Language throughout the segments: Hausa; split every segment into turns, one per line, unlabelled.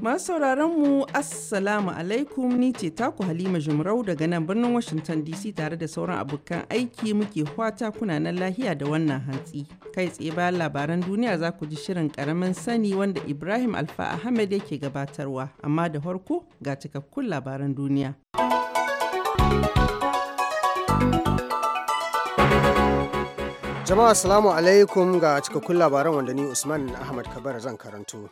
Masu sauraron mu Assalamu alaikum ni ce taku Halima Jumrau daga nan birnin Washington DC tare da sauran abokan aiki muke fata kuna nan lahiya da wannan hantsi. Kai tsaye bayan labaran duniya za ku ji shirin karamin sani wanda Ibrahim Alfa Ahmed yake gabatarwa amma da farko ga cikakkun labaran duniya.
Jama'a Assalamu alaikum ga cikakkun labaran wanda ni Usman Ahmad Kabar zan karanto.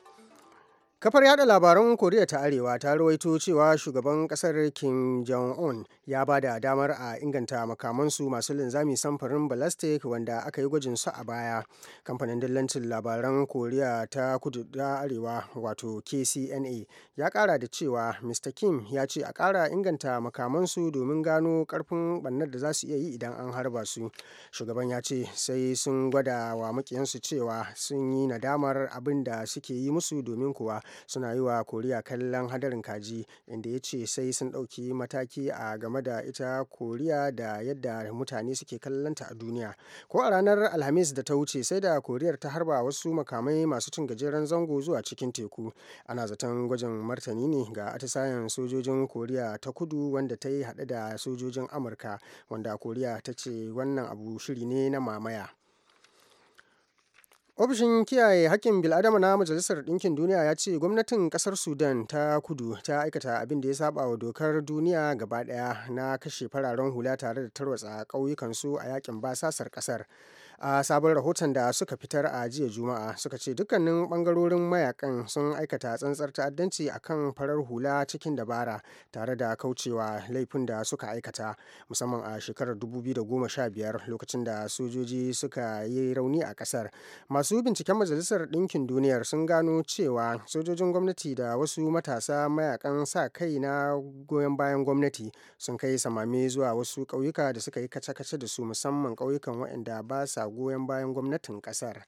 Kafar yada labaran Koriya ta Arewa ta rawaito cewa shugaban kasar Kim Jong-un ya ba da damar a inganta makamansu masu linzami samfurin balastik wanda aka yi gwajin su a baya. Kamfanin dillancin labaran Koriya ta kudu da Arewa wato KCNA ya kara da cewa Mr. Kim ya ce a kara inganta makamansu domin gano karfin bannar da za su iya yi idan an harba su. Shugaban ya ce sai sun gwada wa cewa sun yi nadamar abin suke yi musu domin kuwa suna yi wa koriya kallon hadarin kaji inda ya ce sai sun ɗauki mataki a game da ita koriya da yadda mutane suke kallonta a duniya ko a ranar alhamis da ta wuce sai da koriyar ta harba wasu makamai masu cin gajeren zango zuwa cikin teku ana zaton gwajin martani ne ga atisayen sojojin koriya ta kudu wanda ta yi haɗe da sojojin amurka wanda koriya ta ce wannan abu shiri ne na mamaya Ofishin kiyaye hakkin bil'adama na Majalisar Ɗinkin Duniya ya ce gwamnatin ƙasar Sudan ta kudu ta aikata abin da ya saba wa dokar duniya gaba ɗaya na kashe fararen hula tare da tarwatsa su a yakin basasar ƙasar. a sabon rahoton da suka fitar a jiya juma'a suka ce dukkanin bangarorin mayakan sun aikata tsantsar ta'addanci a kan farar hula cikin dabara tare da kaucewa laifin da suka aikata musamman a shekarar 2015 lokacin da sojoji suka yi rauni a kasar masu binciken majalisar ɗinkin duniyar sun gano cewa sojojin gwamnati da wasu matasa mayakan sa kai na goyon bayan gwamnati sun kai samame zuwa wasu ƙauyuka da suka yi kace-kace da su musamman ƙauyukan waɗanda ba sa goyon bayan gwamnatin ƙasar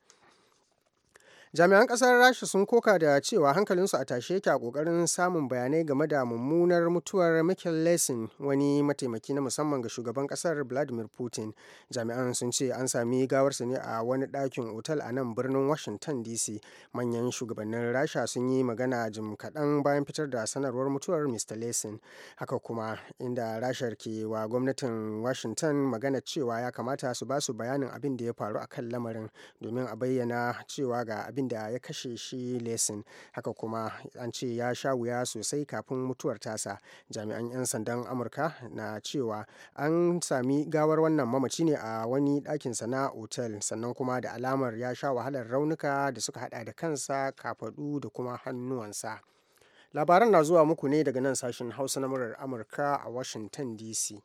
jami'an kasar rasha sun koka da cewa hankalinsu a tashe yake a kokarin samun bayanai game da mummunar mutuwar michael lesson wani mataimaki na musamman ga shugaban kasar vladimir putin jami'an sun ce an sami gawarsa ne a wani dakin otal a nan birnin washington dc manyan shugabannin rasha sun yi magana jim kaɗan bayan fitar da sanarwar mutuwar mr lesson haka kuma inda rashar ke wa gwamnatin washington magana cewa ya kamata su basu bayanin abin da ya faru akan lamarin domin a bayyana cewa ga abin abin da ya kashe shi lesin haka kuma an ce ya sha wuya sosai kafin mutuwar tasa jami'an 'yan sandan amurka na cewa an sami gawar wannan mamaci ne a wani ɗakin sana otel sannan kuma da alamar ya sha wahalar raunuka da suka hada da kansa kafaɗu da kuma hannuwansa labaran na zuwa muku ne daga nan sashen hausa na murar amurka a washington dc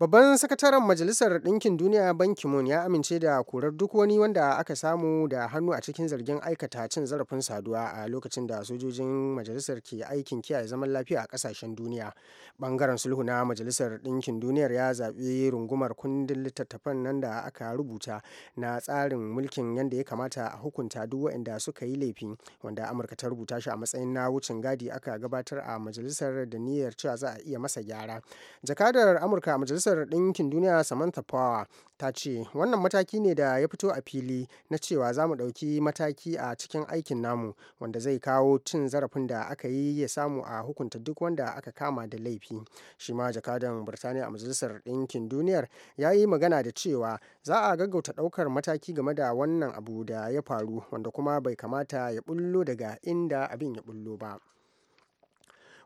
Babban sakataren Majalisar Ɗinkin Duniya Ban Ki-moon ya amince da korar duk wani wanda aka samu da hannu a cikin zargin aikata cin zarafin saduwa a lokacin da sojojin majalisar ke aikin kiyaye zaman lafiya a kasashen duniya. Bangaren sulhu na Majalisar Ɗinkin Duniyar ya zaɓi rungumar kundin littattafan nan da aka rubuta na tsarin mulkin yadda ya kamata a hukunta duk waɗanda suka yi laifi wanda Amurka ta rubuta shi a matsayin na wucin gadi aka gabatar a majalisar da niyyar cewa za a iya masa gyara. Jakadar Amurka a majalisar Majalisar Ɗinkin Duniya Samantha Power ta ce wannan mataki ne da ya fito a fili na cewa za mu ɗauki mataki a cikin aikin namu wanda zai kawo cin zarafin da aka yi ya samu a hukunta duk wanda aka kama da laifi. Shi ma jakadan Birtaniya a Majalisar Ɗinkin Duniyar ya yi magana da cewa za a gaggauta ɗaukar mataki game da wannan abu da ya faru wanda kuma bai kamata ya bullo daga inda abin ya ɓullo ba.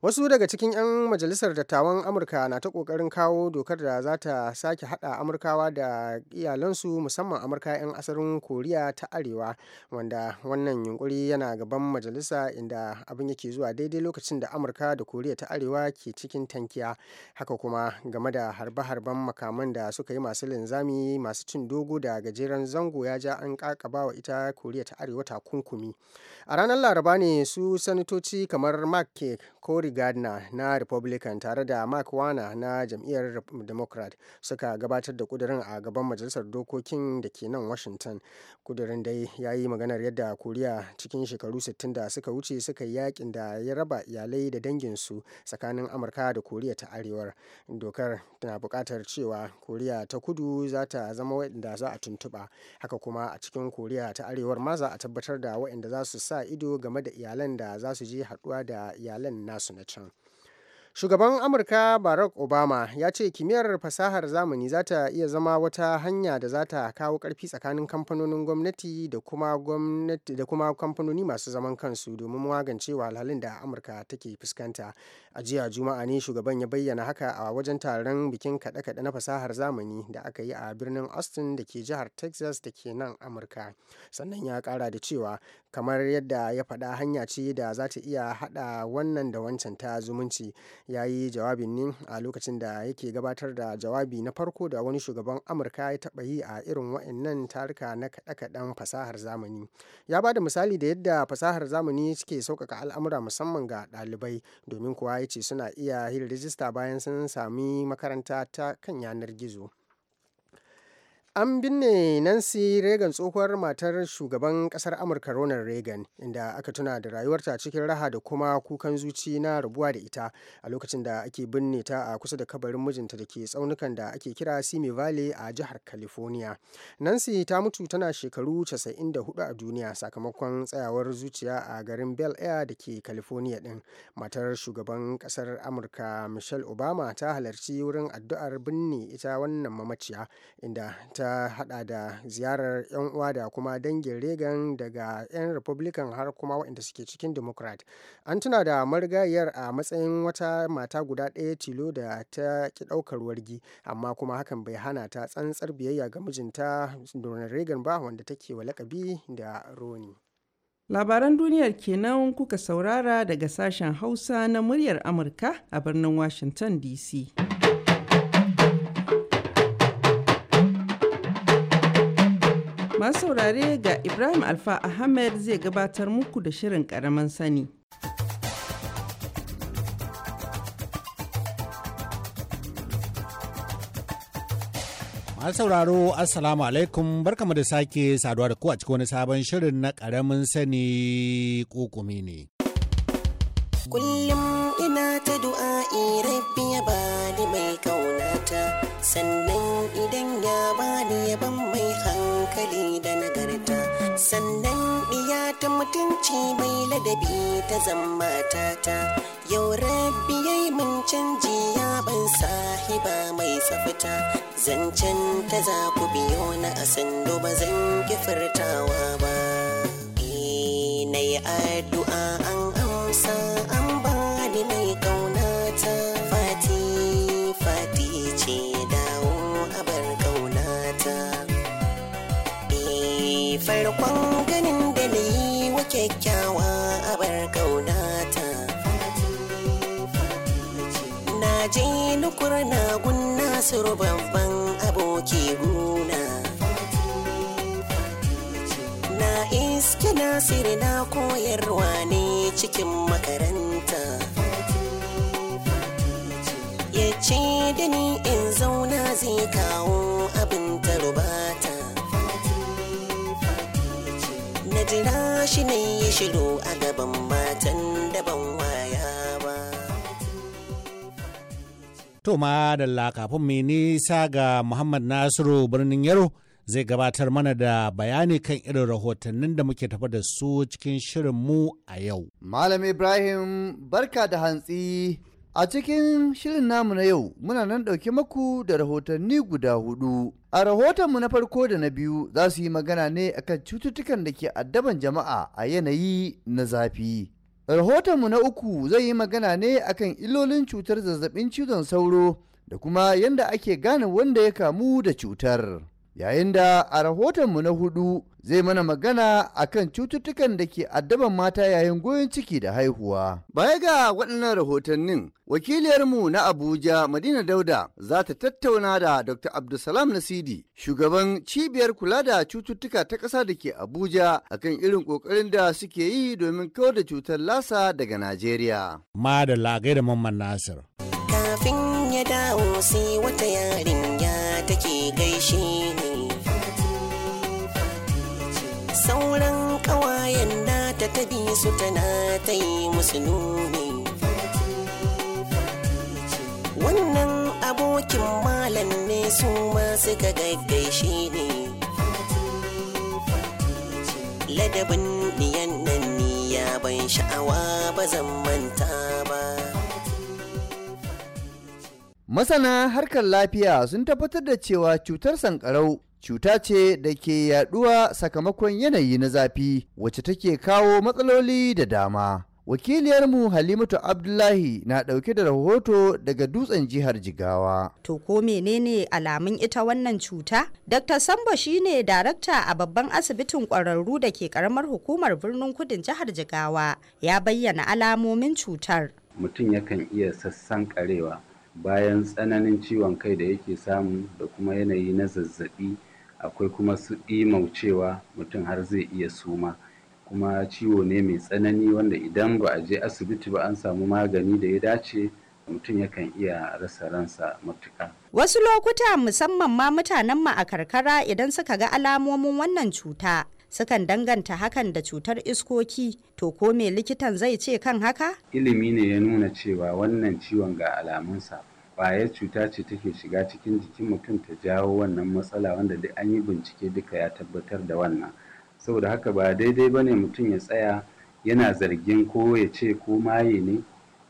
Wasu daga cikin 'yan majalisar dattawan Amurka na ta kokarin kawo dokar da za ta sake hada Amurkawa da iyalansu musamman amurka 'yan asalin Koriya ta Arewa wanda wannan yunkuri yana gaban majalisa inda abin yake zuwa daidai lokacin da Amurka da Koriya ta Arewa ke cikin tankiya. Haka kuma game da harbe-harben makaman da suka yi masu linzami masu cin dogo da gajeren zango ya ja an kakabawa ita Koriya ta Arewa takunkumi. A ranar Laraba ne su sanatoci kamar Mark kori gardner na republican tare da mark Warner na jam'iyyar democrat suka gabatar da kudirin a gaban majalisar dokokin da ke nan washington kudirin dai ya yi maganar yadda koriya cikin shekaru 60 da suka wuce suka yi yakin da ya raba iyalai da danginsu tsakanin amurka da koriya ta arewar dokar tana buƙatar cewa koriya ta kudu za ta zama waɗanda za a tuntuɓa haka kuma a cikin koriya ta arewar ma za a tabbatar da waɗanda za su sa ido game da iyalan da za su je haɗuwa da iyalan nasu 来唱 Shugaban Amurka Barack Obama ya ce kimiyyar fasahar zamani za ta iya zama wata hanya da za ta kawo karfi tsakanin kamfanonin gwamnati da kuma kamfanoni masu zaman kansu domin magance wahalhalun da Amurka take fuskanta. A jiya Juma'a ne shugaban ya bayyana haka a wajen taron bikin kaɗe-kaɗe na fasahar zamani da aka yi a birnin Austin da ke jihar Texas da ke nan Amurka. Sannan ya kara da cewa kamar yadda ya faɗa hanya ce da za ta iya haɗa wannan da wancan ta zumunci. ya yi jawabin ne a lokacin da yake gabatar da jawabi na farko da wani shugaban amurka ya taɓa yi a irin wa'annan tarika na kaɗe-kaɗen fasahar zamani ya ba da misali da yadda fasahar zamani suke sauƙaƙa al'amura musamman ga ɗalibai domin kuwa ya ce suna iya yin rijista bayan sun sami makaranta ta kan yanar gizo. An binne Nancy Reagan tsohuwar matar shugaban ƙasar Amurka Ronald Reagan inda aka tuna da rayuwarta cikin raha da kuma kukan zuci na rabuwa da ita a lokacin da ake binne ta a kusa da kabarin mijinta da ke tsaunukan da ake kira Simi Valley a jihar California. Nancy ta mutu tana shekaru 94 a duniya sakamakon tsayawar zuciya a garin Bel Air da ke California din. Matar shugaban ƙasar Amurka Michelle Obama ta halarci wurin addu'ar binne ita wannan mamaciya inda ta ta hada da ziyarar 'yan uwa da kuma dangin reagan daga 'yan republican har kuma waɗanda suke cikin democrat an tuna da marigayar a matsayin wata mata guda ɗaya tilo da ta ki ɗaukar wargi amma kuma hakan bai hana ta tsantsar biyayya ga mijinta donald reagan ba wanda take wa lakabi da roni
labaran duniyar kenan kuka saurara daga sashen hausa na muryar amurka a birnin washington dc Masu saurare ga Ibrahim Alfa Ahmed zai gabatar muku da shirin ƙaramin sani. Masu
sauraro Assalamu alaikum barkamu da sake saduwa da ku a cikin wani sabon shirin na karamin
sani kukumi ne.
Kullum ina ta du'a rabbi ya ba mai kaunata sannan idan ya bani yaban mai hankali da nagarta sannan iya ta mutunci mai ladabi ta zama tata yau rabbi yayi mun canji ya ban sahiba mai tsafta zancen ta za ku biyo na sando ba zan kifirtawa ba eh, na yi addu'a an amsa an bani mai kaunata farkon ganin da na wa kyakkyawa a bar kaunata. na je nukur na gunna suru babban aboki guna na iske nasiri na koyarwa ne cikin makaranta ya ce da ni in zauna zai kawo abin tarubata jira shi ne ya matan da ba.
To ma da kafin mai nisa ga Muhammad Nasiru
birnin Yaro zai gabatar mana da bayani kan irin rahotannin da muke tafa da su
cikin shirin mu a yau. Malam Ibrahim barka da hantsi A cikin shirin namu na yau muna nan ɗauke maku da rahotanni guda hudu. A rahotonmu na farko da na biyu za su yi magana ne akan cututtukan da ke addaban jama'a a yanayi na zafi. Rahotonmu na uku zai yi magana ne akan illolin cutar zazzabin cizon sauro da kuma yadda ake gane wanda ya kamu da cutar. yayin da a rahotonmu na hudu zai mana magana a kan cututtukan da ke addaban mata yayin goyon ciki da haihuwa. Baya ga waɗannan rahotannin, wakiliyarmu na Abuja Madina Dauda za ta tattauna da Dr. Abdulsalam Nasidi, shugaban cibiyar kula da cututtuka ta ƙasa da ke Abuja a kan irin ƙoƙarin da suke yi domin kawar da cutar lasa daga Najeriya. Ma da lagai da Mamman Nasir.
Kafin ya dawo sai wata yarin da ta bi su tana ta yi musu nuni wannan abokin malam ne su ma suka gaggaishe ne ladabin niyan nan ni ya ban sha'awa ba zan manta ba
Masana harkar lafiya sun tabbatar da cewa cutar sankarau cuta ce da ke yaduwa sakamakon yanayi na zafi wacce take kawo matsaloli da dama. wakiliyarmu halimatu abdullahi na ɗauke da rahoto daga dutsen jihar jigawa to ko menene alamun ita wannan cuta
dr sambo shine darakta a babban asibitin ƙwararru da ke karamar hukumar birnin kudin jihar jigawa ya bayyana alamomin cutar
mutum yakan iya sassan karewa bayan tsananin ciwon kai da yake samu da kuma yanayi na zazzabi akwai kuma su cewa mutum har zai iya suma kuma ciwo ne mai tsanani wanda idan ba a je asibiti ba an samu magani da ya dace mutum yakan iya rasa ransa matuka.
Wasu lokuta musamman ma mutanen mu a karkara idan suka ga alamomin wannan cuta sukan danganta hakan da cutar iskoki to ko me likitan zai ce kan haka?
Ilimi ne ya nuna cewa wannan ciwon ga alamunsa ƙwayar cuta ce take shiga cikin jikin mutum ta jawo wannan matsala wanda duk an yi bincike duka ya tabbatar da wannan saboda haka ba daidai ba ne mutum ya tsaya yana zargin ko ya ce ko maye ne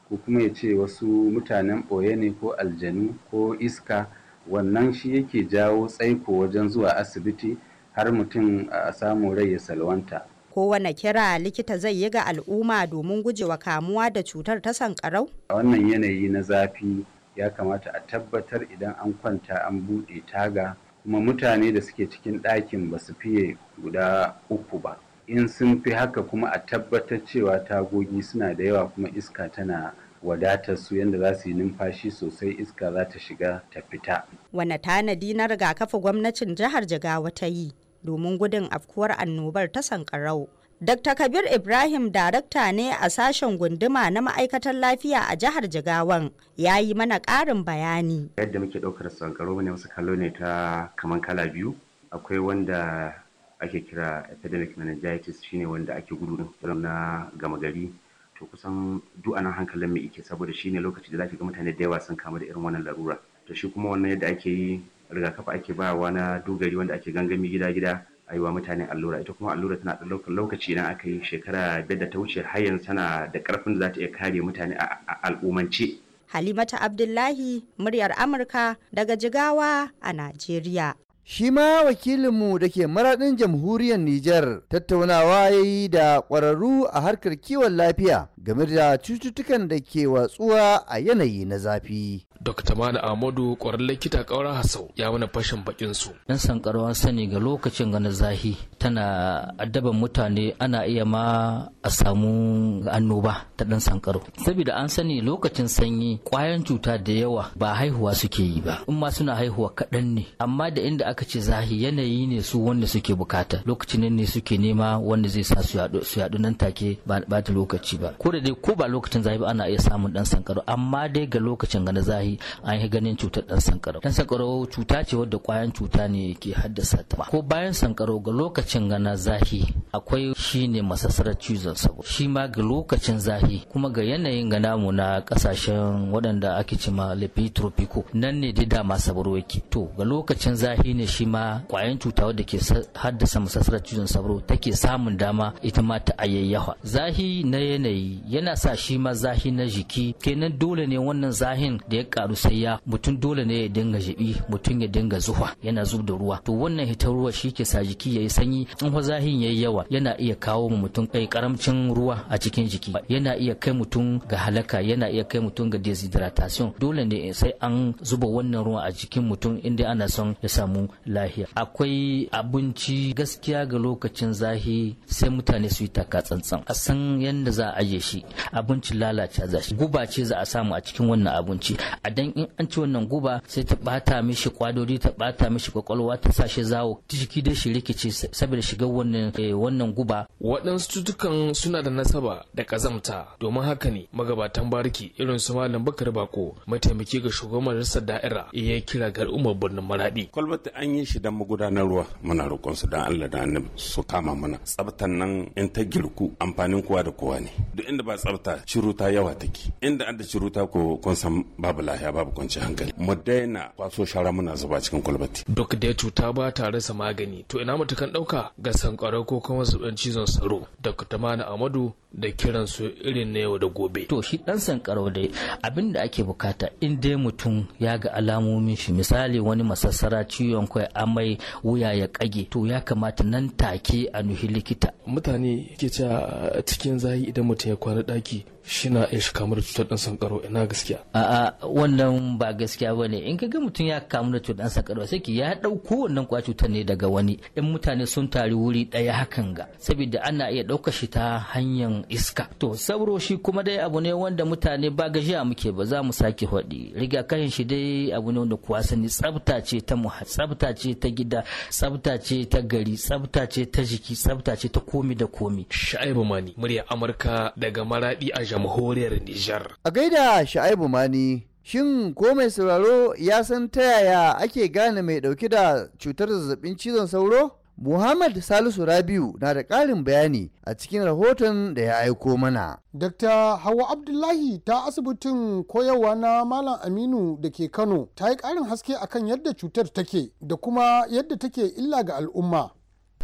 ko kuma ya ce wasu mutanen ɓoye ne ko aljanu ko iska wannan shi yake jawo tsaiko wajen zuwa asibiti har mutum a samu rai ya salwanta
kowane kira likita zai yi ga al'umma domin gujewa kamuwa da cutar ta sankarau
a wannan yanayi na zafi ya kamata a tabbatar idan an kwanta an buɗe taga kuma mutane da suke cikin ɗakin ba su fiye guda uku ba in sun fi haka kuma a tabbatar cewa tagogi suna da yawa kuma iska tana wadatar su yadda za su yi numfashi sosai iska za ta shiga ta fita.
Wane tanadi na rigakafi gwamnatin jihar Jigawa ta yi domin gudun afkuwar annobar ta sankarau Dr. Kabir Ibrahim darakta ne a sashen gunduma na ma'aikatar lafiya a jihar Jigawan ya yi mana ƙarin bayani.
Yadda muke ɗaukar sankaro ne wasu kallo ne ta kaman kala biyu. Akwai wanda ake kira epidemic meningitis shine wanda ake gudu na gama gari. To kusan duk anan hankalin mai ike saboda shine lokaci da zaki ga mutane da yawa sun kamu da irin wannan larura. To shi kuma wannan yadda ake yi rigakafi ake bawa na dogari wanda ake gangami gida-gida a yi wa mutane allura ita kuma allura tana da lokaci na aka yi shekara biyar da ta wuce har yanzu tana da karfin da za ta iya kare mutane a al'umance
halimata abdullahi muryar amurka daga jigawa a najeriya
shi ma wakilinmu da ke maraɗin jamhuriyar Nijar tattaunawa ya yi da ƙwararru a harkar kiwon lafiya game da cututtukan da ke watsuwa a yanayi na zafi.
Dr. Mala Amadu ƙwarar likita ƙaura Hassau ya mana fashin bakin su.
Yan an sani ga lokacin ganin zahi tana addaban mutane ana iya ma a samu annoba ta ɗan sankaro. Saboda an sani lokacin sanyi ƙwayan cuta da yawa ba haihuwa suke yi ba. In ma suna haihuwa kaɗan ne. Amma da inda aka ce zahi yanayi ne su wanda suke bukata. Lokacin ne suke nema wanda zai sa su yaɗu nan take ba ta lokaci ba. Ko da dai ko ba lokacin zahi ba ana iya samun ɗan sankaro amma dai ga lokacin ganin zahi yi an yi ganin cutar dan sankarau dan sankarau cuta ce wadda kwayan cuta ne ke haddasa ta ko bayan sankarau ga lokacin gana zahi akwai shine masasarar cizon sabo shi ma ga lokacin zahi kuma ga yanayin gana mu na kasashen waɗanda ake cima ma tropico nan ne dai dama sabaro yake to ga lokacin zahi ne shi ma kwayan cuta wadda ke haddasa masasarar cizon sabo take samun dama ita ma ta ayyayyawa zahi na yanayi yana sa shi ma zahi na jiki kenan dole ne wannan zahin da ya karu sai ya mutum dole ne ya dinga jibi mutum ya dinga zuwa yana zub da ruwa to wannan hitar ruwa shi ke sa jiki yayi sanyi in fa zahin yayi yawa yana iya kawo mu mutum kai eh, karamcin ruwa a cikin jiki yana iya kai mutum ga halaka yana iya kai mutum ga dehydration dole ne sai an zuba wannan ruwa a jikin mutum inda ana son ya samu lahiya akwai abinci gaskiya ga lokacin zahi sai mutane su yi taka tsantsan a san yadda za a aje shi abinci lalace za shi guba ce za a samu a cikin wannan abinci a dan in an ci wannan guba sai ta bata mishi kwadori ta bata mishi kwakwalwa ta sa shi zawo jiki da shi rikici saboda shigar wannan eh, wannan guba waɗansu cutukan
suna da nasaba da kazamta domin haka ne magabatan bariki irin su malam bakar bako mataimaki ga shugaban majalisar da'ira ya kira ga al'ummar birnin maradi
kwalbata an yi shi dan magudanarwa muna roƙon su dan Allah da annabi su kama mana tsabtan nan in ta girku amfanin kowa da kowa ne duk inda ba tsabta ciruta yawa take inda an da ciruta ko kun san babu lafiya ya babu kwanci hankali mu daina kwaso shara muna zuba cikin kulbati
duk da cuta ba ta rasa magani to ina kan ɗauka ga sankarau ko kuma zuban cizon tsaro da kutamana
amadu da kiran su irin na yau da gobe to shi dan sankarau dai abin da ake bukata in dai mutum ya ga alamomin shi misali wani masassara ciwon kai amai wuya ya kage to ya kamata nan take a nuhi likita mutane ke cewa
cikin zahi idan mutum ya kwana daki shi na iya shi kamar cutar dan sankarau ina gaskiya a'a
wannan ba gaskiya ba ne in kaga mutum ya kamu da cutar sakarwa sai ya ɗauko wannan kwa cutar ne daga wani in mutane sun tari wuri ɗaya hakan ga saboda ana iya ɗaukar shi ta hanyar iska to sauro shi kuma dai abu ne wanda mutane ba gajiya muke ba za mu sake haɗi rigakafin shi dai abu ne wanda kuwa sani tsafta ce ta muha tsafta ce ta gida tsafta ce ta gari tsafta ce ta jiki tsafta ce ta komi da komi sha'ibu mani
murya amurka daga maradi a jamhuriyar nijar
a gaida sha'ibu mani Shin ko mai sauraro ya san ta yaya ake gane mai ɗauke da cutar zazzabin cizon sauro? Muhammad Salisu Rabiu na da ƙarin bayani a cikin rahoton da ya aiko mana. Dr. Hawa Abdullahi ta asibitin koyarwa na
Malam Aminu da ke Kano ta yi ƙarin haske akan yadda cutar take da kuma yadda take illa ga al'umma.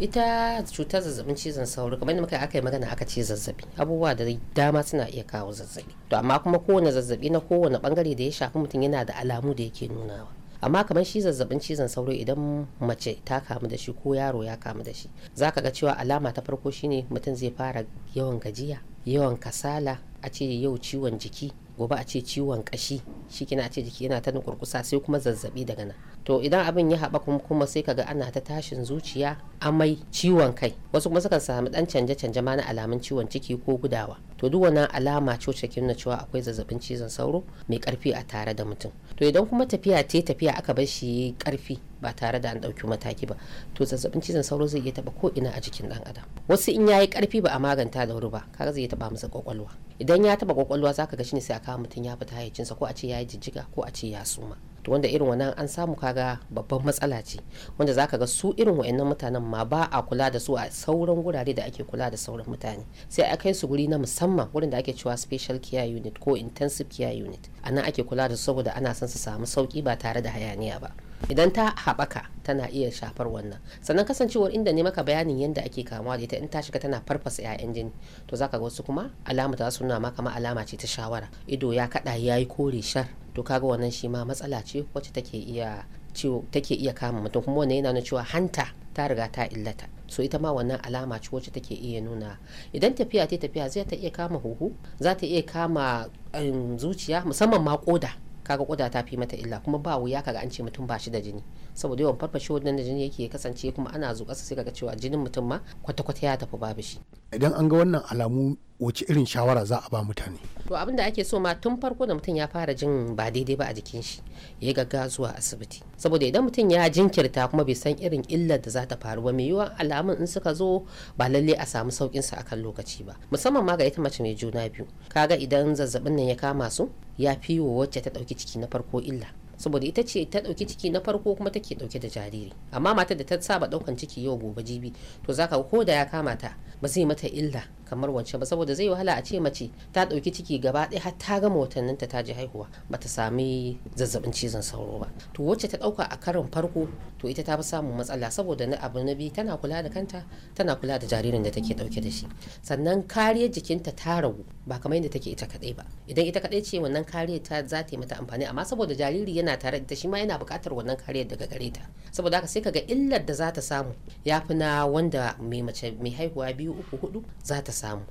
ita cutar zazzabin cizon sauro kamar yadda muka aka yi magana aka ce zazzabi abubuwa da dama suna iya kawo zazzabi to amma kuma kowane zazzabi na kowane bangare da ya shafi mutum yana da alamu da yake nunawa amma kamar shi zazzabin cizon sauro idan mace ta kamu da shi ko yaro ya kamu da shi za ka ga cewa alama ta farko shine mutum zai fara yawan gajiya yawan kasala a ce yau ciwon jiki gobe a ce ciwon kashi shi kina ce jiki yana ta nukurkusa sai kuma zazzabi daga nan to idan abin ya haɓa kuma sai kaga ana ta tashin zuciya amai ciwon kai wasu kuma sukan samu dan canje canje ma na alamun ciwon ciki ko gudawa to duk wannan alama ce wacce nuna cewa akwai zazzabin cizon sauro mai karfi a tare da mutum to idan kuma tafiya te tafiya aka bar shi karfi ba tare da an ɗauki mataki ba to zazzabin cizon sauro zai iya taba ko ina a jikin ɗan adam wasu in yayi ƙarfi ba a maganta da wuri ba kaga zai iya taɓa masa kwakwalwa idan ya taba kwakwalwa zaka ga shine sai a kawo mutum ya fita cinsa ko a ce yayi jijjiga ko a ce ya suma to wanda irin wannan an samu kaga babban matsala ce wanda zaka ga su irin wayannan mutanen ma ba a kula da su a sauran gurare da ake kula da sauran mutane sai a kai su guri na musamman wurin da ake cewa special care unit ko intensive care unit anan ake kula da su saboda ana son su samu sauki ba tare da hayaniya ba idan ta haɓaka tana iya shafar wannan sannan kasancewar inda ne maka bayanin yadda ake kamuwa da ita in ta shiga tana farfasa 'ya'yan jini to zaka ga wasu kuma alama ta suna ma kama alama ce ta shawara ido ya kaɗa ya yi kore shar to kaga wannan shi ma matsala ce wacce take iya ciwo take iya kama mutum kuma wannan yana nuna cewa hanta ta riga ta illata so ita ma wannan alama ce wacce take iya nuna idan tafiya ta tafiya zai ta iya kama huhu za ta iya kama um, zuciya musamman ma koda kaga koda ta fi mata illa kuma ba wuya kaga an ce mutum ba shi da jini saboda yawan farfashe wannan da jini yake kasance kuma ana zuƙasa sai kaga cewa jinin mutum ma kwata-kwata ya tafi babu shi
idan an ga wannan alamu wace irin shawara za a ba mutane
to abin da ake so ma tun farko da mutum ya fara jin ba daidai ba a jikin shi ya gaga zuwa asibiti saboda idan mutum ya jinkirta kuma bai san irin illar da za ta faru ba mai yiwuwa alamun in suka zo ba lalle a samu saukin sa akan lokaci ba musamman ma ga ita mace mai juna biyu ka ga idan zazzabin nan ya kama su ya fi wa wacce ta ɗauki ciki na farko illa saboda ita ce ta dauki ciki na farko kuma take dauke da jariri amma matar da ta saba daukan ciki yau gobe jibi to zaka ko da ya kama ta ba zai mata illa kamar wance ba saboda zai wahala a ce mace ta ɗauki ciki gaba ɗaya har ta gama watannin ta ji haihuwa ba ta sami zazzabin cizon sauro ba to wacce ta ɗauka a karin farko to ita ta fi samun matsala saboda na abu na biyu tana kula da kanta tana kula da jaririn da take dauke da shi sannan kariyar jikinta ta ragu ba kamar yadda take ita kaɗai ba idan ita kaɗai ce wannan kariyar ta za ta yi mata amfani amma saboda jariri yana tare da shi ma yana buƙatar wannan kariyar daga gare ta saboda haka sai ka ga illar da za ta samu ya fi na wanda mai mace mai haihuwa biyu uku hudu za ta samu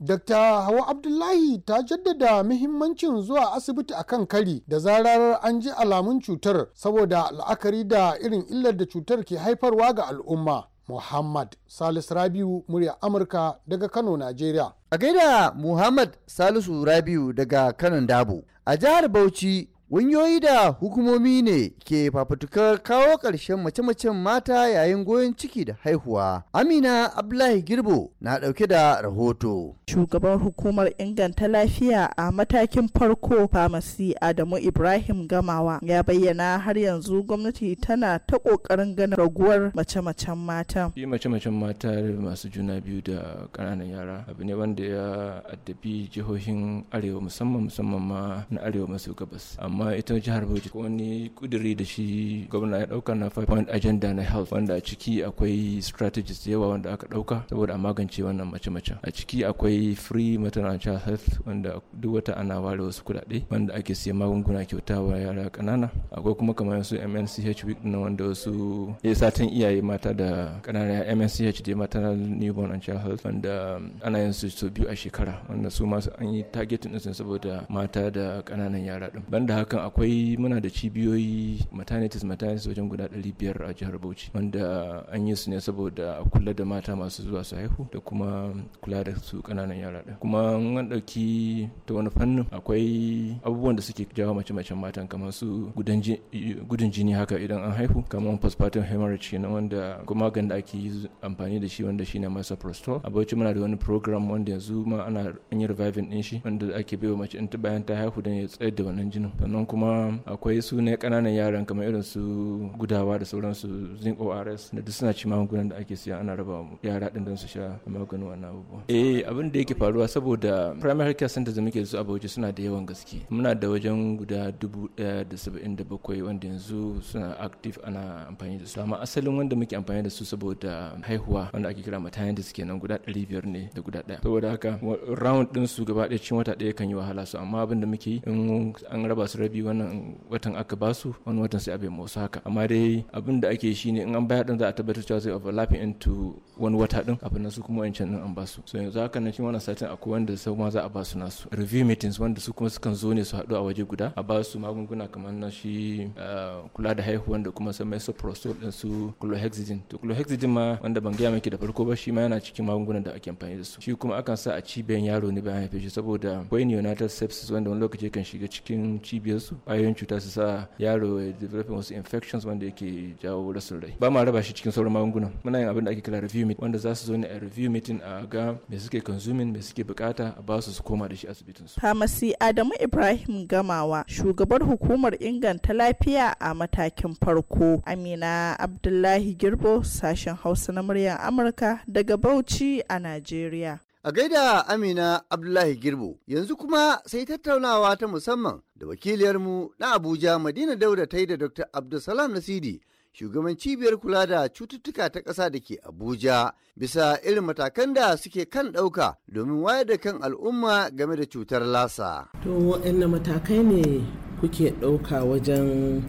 Dr. Hawa Abdullahi ta jaddada muhimmancin zuwa asibiti a kan kari da zarar an ji alamun cutar saboda la'akari da irin illar da cutar ke haifarwa ga al'umma. Muhammad Salisu Rabiu murya Amurka daga Kano, Najeriya.
A gaida Muhammad Salisu Rabiu daga Kanon Dabo. A jihar Bauchi Ƙungiyoyi da hukumomi ne ke fafutukar kawo ƙarshen mace-macen mata yayin goyon ciki da haihuwa. Amina Abdullahi Girbo na ɗauke da rahoto.
Shugaban hukumar inganta lafiya a matakin farko famasi Adamu Ibrahim Gamawa ya bayyana har yanzu gwamnati tana ta ƙoƙarin ganin raguwar
mace-macen mata. Shi mace-macen mata masu juna biyu da ƙananan yara abu ne wanda ya addabi jihohin arewa musamman musamman ma na arewa maso gabas. amma ita jihar bauchi wani kuduri da shi gwamna ya dauka na five point agenda na health wanda a ciki akwai strategies yawa wanda aka dauka saboda a magance wannan mace-mace a ciki akwai free maternal health wanda duk wata ana ware wasu kudade wanda ake siya magunguna kyauta wa yara kanana akwai kuma kamar su mnch week na wanda wasu ya eh, satin iyaye mata da kanana mnch da maternal newborn and child health wanda um, ana yin su biyu a shekara wanda su masu an yi targeting din saboda mata da kananan yara din banda haka kan akwai muna da cibiyoyi maternities maternities wajen guda 500 a jihar Bauchi wanda an yi su ne saboda kula da mata masu zuwa su haihu da kuma kula da su kananan yara da kuma an ɗauki ta wani fannin akwai abubuwan da suke jawo mace-macen matan kamar su gudun jini haka idan an haihu kamar postpartum hemorrhage kenan wanda kuma da ake yi amfani da shi wanda shine masa prostol a bauchi muna da wani program wanda yanzu ma ana an yi reviving din shi wanda ake wa mace in ta bayan ta haihu dan ya tsayar da wannan jinin sannan kuma akwai su ne kananan yaran kamar irin su gudawa da sauransu zinc ors na duk suna ci magungunan da ake siya ana raba mu yara din don su sha maganin wannan abubuwa eh abin da yake faruwa saboda primary care center da muke da su a Bauchi suna da yawan gaske muna da wajen guda dubu daya da saba'in da bakwai wanda yanzu suna active ana amfani da su amma asalin wanda muke amfani da su saboda haihuwa wanda ake kira da suke nan guda ɗari biyar ne da guda ɗaya saboda haka round din su gaba ɗaya cin wata ɗaya kan yi wahala su amma abin da muke yi in an raba su rabi wannan watan aka basu wani watan sai a musu haka amma dai abin da ake shi ne in an bayar din za a tabbatar cewa zai overlapping into wani wata din abin nan su kuma wancan din an basu so yanzu haka nan shi wannan satin akwai wanda sau kuma za a basu nasu review meetings wanda su kuma sukan zo ne su haɗu a waje guda a su magunguna kamar na shi ah, kula da haihuwan da kuma sai misoprostol din su clohexidine to clohexidine ma wanda ban gaya miki da farko ba shi ma yana cikin magungunan da ake amfani da su shi kuma akan sa a cibiyan yaro ne bayan haife shi saboda akwai neonatal sepsis wanda wani lokaci kan shiga cikin cibiyar su ƙwayoyin cuta su sa yaro ya developing wasu infections wanda yake jawo rasin rai ba ma raba shi cikin sauran magungunan muna yin abin da ake kira review meeting wanda za su zo ne a review meeting a ga me suke consuming me suke bukata a ba su su koma da shi asibitin su
Famasi Adamu Ibrahim Gamawa shugabar hukumar inganta lafiya a matakin farko Amina Abdullahi Girbo sashen Hausa na muryar Amurka daga Bauchi a Najeriya A gaida
Amina Abdullahi Girbo, yanzu kuma sai tattaunawa ta musamman da wakiliyarmu na Abuja Madina Dauda ta yi da Dr. Abdulsalam Nasidi, shugaban cibiyar kula da cututtuka ta ƙasa da ke Abuja, bisa irin matakan da suke kan ɗauka domin wayar da kan al'umma game da cutar lasa.
To waɗanne matakai ne kuke ɗauka wajen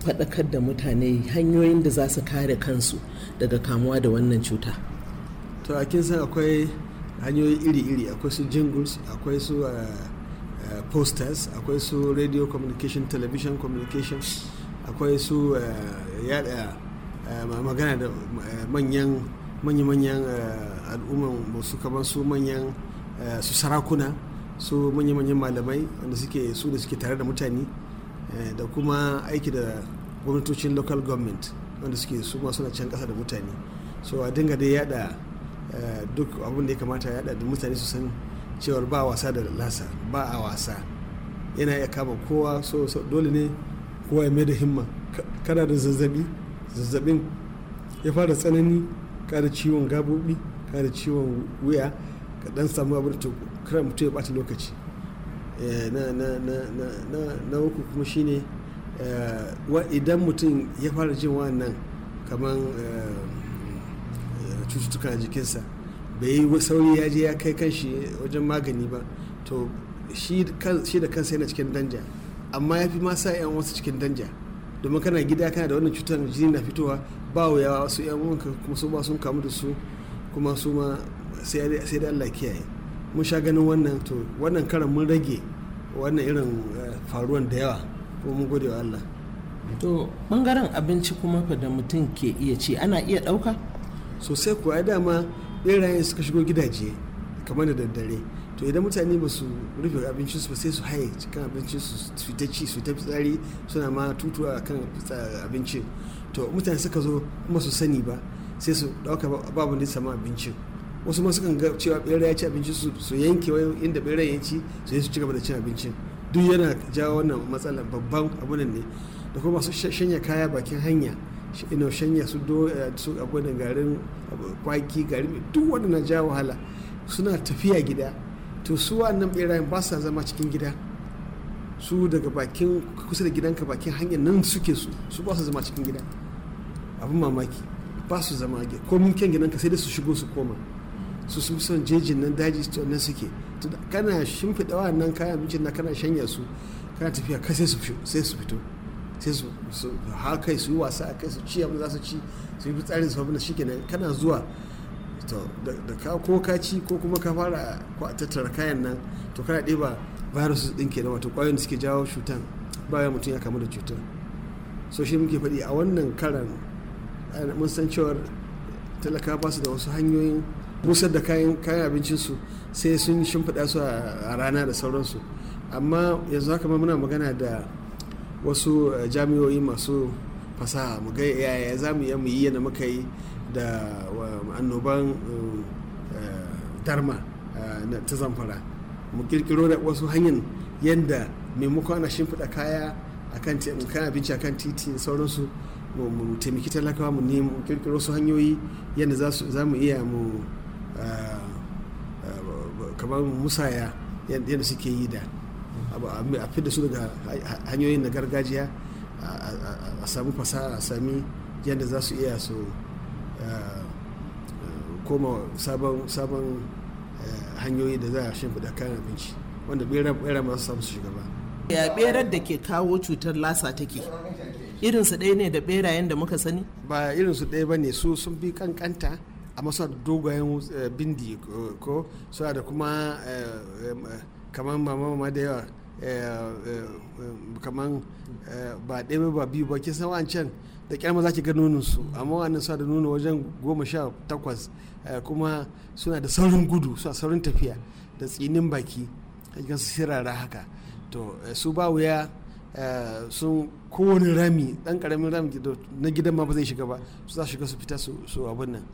faɗakar da mutane hanyoyin da za su kare kansu daga kamuwa da wannan cuta?
To a akwai hanyoyi iri-iri akwai su jingles akwai su eh, eh, posters akwai su radio communication television communication akwai su eh, yada magana da manyan manya-manyan al'umman su kamar su manyan su sarakuna su manya-manyan malamai wanda suke su da suke tare da mutane da kuma aiki da gwamnatocin local government wanda suke su masu na can kasa da mutane so a dinga dai yada Eh, duk abin da ya kamata ya da mutane su san cewar ba wasa da lasa ba a wasa yana iya kama kowa so dole ne kowa ya mai da himma kana da zazzabi zazzabin ya fara tsanani kada ciwon gabobi kada ciwon wuya ka dan samu abin da kira mutum ya bata lokaci eh, na uku kuma shine eh, idan mutum ya fara jin wannan kamar cututtuka a jikinsa bai yi sauri ya je ya kai kanshi wajen magani ba to shi da kansa yana cikin danja amma ya fi ma sa 'yan wasu cikin danja domin kana gida kana da wannan cutar jini na fitowa ba yawa wasu 'yan wanka kuma su ba sun kamu da su kuma su ma sai da Allah kiyaye mun sha ganin wannan to wannan karan mun rage wannan irin eh, faruwan da yawa kuma mun gode wa Allah to bangaren abinci kuma fa da mutum ke iya ci ana iya ɗauka sosai kuwa ya dama ɓeraye suka shigo gidaje kamar da daddare to idan mutane ba su rufe abincinsu ba sai su haye cikin abincinsu su ta ci su ta fitsari suna ma tutuwa kan abincin to mutane suka zo kuma su sani ba sai su dauka babu da sama abincin wasu ma sukan ga cewa ɓeraye ya ci abincin su yanke inda bera ya ci su yi su ci gaba da cin abincin duk yana jawo wannan matsalar babban abu ne da kuma masu shanya kaya bakin hanya ina shanya su do eh, su akwai garin kwaki garin duk wanda na ja wahala suna tafiya gida to su wannan berayen ba sa zama cikin gida su daga bakin kusa da gidanka bakin hanyar nan suke su su ba su zama cikin gida abin mamaki ba su zama gida ko mun kyan gidanka sai dai su shigo su koma su sun son jejin nan daji nan suke kana shimfiɗa nan kayan abincin na kana shanya su kana tafiya ka sai su fito sai su har su yi wasa a kai su ci abin za su ci su yi tsarin su abin da shi kenan kana zuwa to da ka ko ka ci ko kuma ka fara tattara kayan nan to kana ɗeba virus ɗin kenan wato ƙwayoyin da suke jawo cutan ya mutum ya kamu da cutan. so shi muke faɗi a wannan karan eh, mun san cewar talaka ba su da wasu hanyoyin busar da kayan kayan abincinsu sai sun shimfiɗa su a rana da sauransu amma yanzu haka muna magana da wasu eh, jami'o'i masu fasaha mu ga yaya za mu yi mu yana muka yi da annoban darma eh, eh, ta zamfara mu kirkiro da wasu hanyar yadda maimakon ana shimfiɗa kaya akan kan a kan titi sauransu mu taimaki talakawa mu ne mu kirkiro su hanyoyi yadda za mu iya mu kamar musaya yadda suke yi da a fi da su daga hanyoyin na gargajiya a sami fasaha a sami yadda za su iya su eh, eh, koma sabon eh, hanyoyi da za a shimfiɗa kayan abinci wanda bera su samu su shiga ba
ya berar da ke kawo
cutar lasa take irin su ɗaya ne da berayen da muka sani ba irin su ɗaya ba ne su sun bi kankanta amma suna dogayen bindi ko suna da kuma kamar mama mama da yawa eh, eh, eh, kamar ba ɗaya ba biyu ba kin wancan da kyar za ki ga nonon su amma wannan sa da nono wajen goma sha takwas kuma suna da saurin gudu suna saurin tafiya da tsinin baki kan su sirara haka to su ba wuya sun kowane rami ɗan ƙaramin rami na gidan ma ba zai shiga ba su za shiga su fita
su abin nan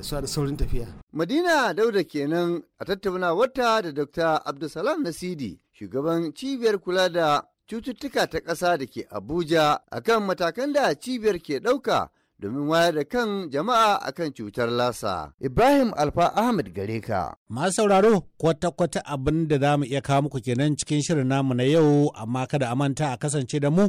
suna da saurin tafiya. Madina Dauda kenan a tattauna wata da Dr. Abdulsalam Nasidi, shugaban cibiyar kula da cututtuka ta ƙasa da ke Abuja akan matakan da cibiyar ke ɗauka domin wayar da kan jama'a akan cutar lasa. Ibrahim Alfa Ahmed gare ka. Masu sauraro
kwata-kwata abin da za mu iya kawo muku kenan cikin shirin namu na yau amma kada a manta a kasance da mu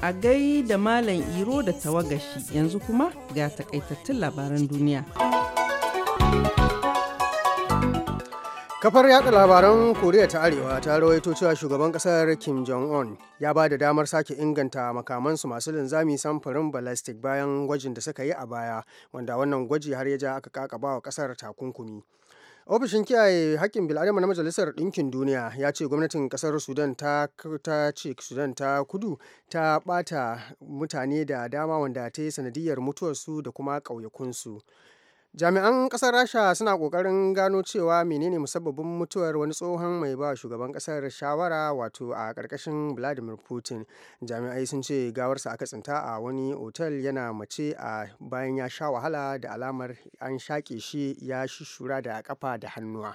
a gai da Malam Iro da tawagashi yanzu kuma ga takaitattun labaran duniya. Kafar
yada labaran Koriya ta Arewa ta rawaito cewa shugaban kasar Kim Jong-un ya ba da damar sake inganta makamansu masu linzami samfurin balastik bayan gwajin da suka yi a baya, wanda wannan gwaji har ya ja aka kakaba wa kasar takunkumi. Ofishin kiyaye haƙƙin bil'adama na Majalisar Ɗinkin Duniya ya ce gwamnatin ƙasar Sudan ta, ce Sudan ta kudu ta ɓata mutane da dama wanda ta yi sanadiyar mutuwarsu da kuma ƙauyakunsu. Jami'an kasar Rasha suna kokarin gano cewa menene musabbabin mutuwar wani tsohon mai ba shugaban kasar shawara wato a ƙarƙashin Vladimir Putin. Jami'ai sun ce gawarsa aka tsinta a wani otal yana mace a bayan ya sha wahala da alamar an shaƙe shi ya shura da ƙafa da hannuwa.